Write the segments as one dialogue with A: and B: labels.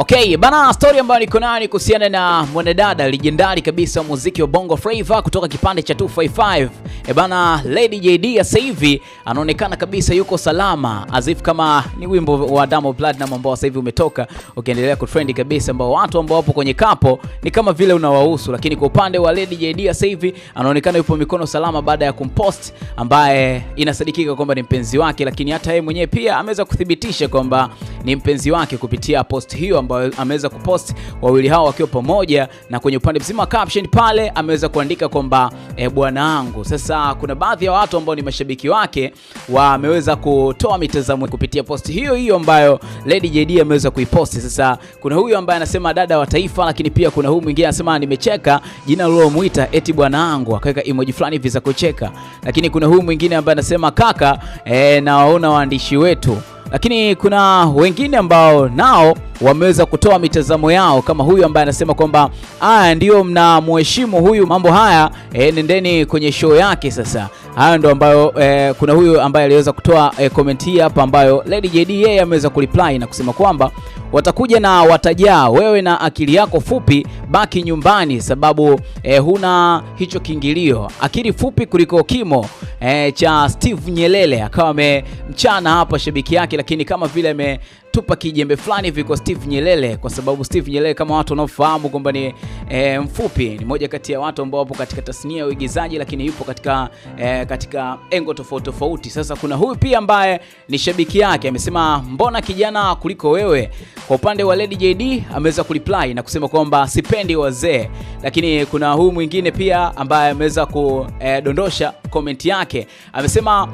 A: Okay, bana, story ambayo niko nayo ni kuhusiana na mwanadada legendari kabisa wa muziki wa Bongo Flava kutoka kipande cha 255. E eh, bana, Lady JD sasa hivi anaonekana kabisa yuko salama, if kama ni wimbo wa Diamond Platnumz ambao sasa hivi umetoka ukiendelea kutrend kabisa, ambao watu ambao wapo kwenye kapo ni kama vile unawahusu, lakini kwa upande wa Lady JD sasa hivi anaonekana yupo mikono salama baada ya kumpost ambaye inasadikika kwamba ni mpenzi wake, lakini hata yeye mwenyewe pia ameweza kuthibitisha kwamba ni mpenzi wake kupitia post hiyo ambayo ameweza kupost wawili hao wakiwa pamoja, na kwenye upande mzima caption pale ameweza kuandika kwamba e, bwana wangu. Sasa kuna baadhi ya watu ambao ni mashabiki wake wameweza kutoa mitazamo kupitia post hiyo hiyo ambayo Lady JD ameweza kuipost. Sasa kuna huyu ambaye anasema dada wa taifa, lakini pia kuna huyu mwingine anasema nimecheka jina lilomuita eti bwana wangu, akaweka emoji fulani hivi za kucheka, lakini kuna huyu mwingine ambaye anasema kaka, e, nawaona waandishi wetu lakini kuna wengine ambao nao wameweza kutoa mitazamo yao kama huyu ambaye anasema kwamba aya, mna mnamheshimu huyu mambo haya e, nendeni kwenye show yake. Sasa haya ndo ambayo e, kuna huyu ambaye aliweza kutoa e, hii hapa ambayo Lady JD yeye ameweza kureply na kusema kwamba watakuja na watajaa, wewe na akili yako fupi baki nyumbani, sababu e, huna hicho kiingilio, akili fupi kuliko kimo e, cha Steve Nyelele akawa amemchana hapa shabiki yake, lakini kama vile ame tupa kijembe fulani hivi kwa Steve Nyelele, kwa sababu Steve Nyelele kama watu wanaofahamu kwamba ni e, mfupi, ni moja kati ya watu ambao wapo katika tasnia ya uigizaji, lakini yupo katika e, katika engo tofauti tofauti. Sasa kuna huyu pia ambaye ni shabiki yake, amesema mbona kijana kuliko wewe. Kwa upande wa Lady JD ameweza kureply na kusema kwamba sipendi wazee, lakini kuna huyu mwingine pia ambaye ameweza kudondosha eh, e, komenti yake, amesema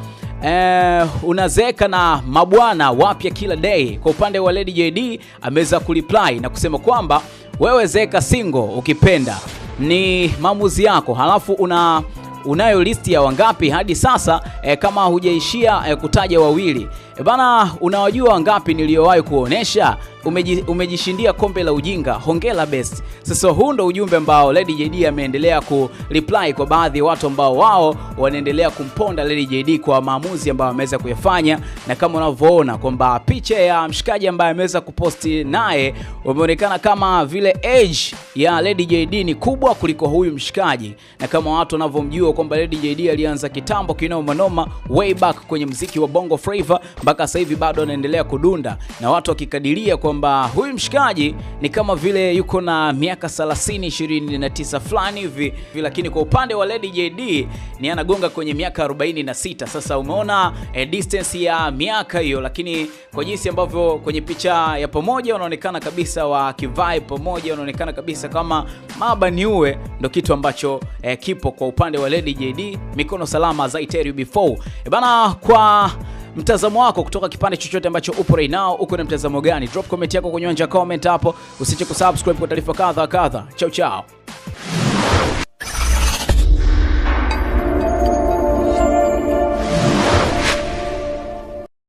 A: e, unazeeka na mabwana wapya kila day kwa upande wa Lady JD ameweza kureply na kusema kwamba wewe zeka single ukipenda, ni maamuzi yako, halafu una unayo listi ya wangapi hadi sasa e, kama hujaishia e, kutaja wawili e, bana, unawajua wangapi niliyowahi kuonesha? Umeji, umejishindia kombe la ujinga, hongela best. Sasa huu ndo ujumbe ambao Lady JD ameendelea ku reply kwa baadhi ya watu ambao wao wanaendelea kumponda Lady JD kwa maamuzi ambayo ameweza kuyafanya, na kama unavyoona kwamba picha ya mshikaji ambaye ameweza kuposti naye umeonekana kama vile age ya Lady JD ni kubwa kuliko huyu mshikaji, na kama watu wanavyomjua kwamba Lady JD alianza kitambo kinoma noma way back kwenye mziki wa Bongo Flava mpaka sasa hivi bado anaendelea kudunda, na watu wakikadiria kwamba huyu mshikaji ni kama vile yuko na miaka 30 29 fulani hivi, lakini kwa upande wa Lady JD ni anagonga kwenye miaka 46. Sasa umeona e, distance ya miaka hiyo, lakini kwa jinsi ambavyo kwenye picha ya pamoja wanaonekana kabisa wakivai pamoja, wanaonekana kabisa kama maba niue, ndo kitu ambacho e, kipo kwa upande wa Lady DJD, mikono salama za Iterio before. E bana, kwa mtazamo wako kutoka kipande chochote ambacho upo right now, uko na mtazamo gani? Drop comment yako kwenye uwanja comment hapo, usiche kusubscribe kwa taarifa kadha kadha. Chao chao.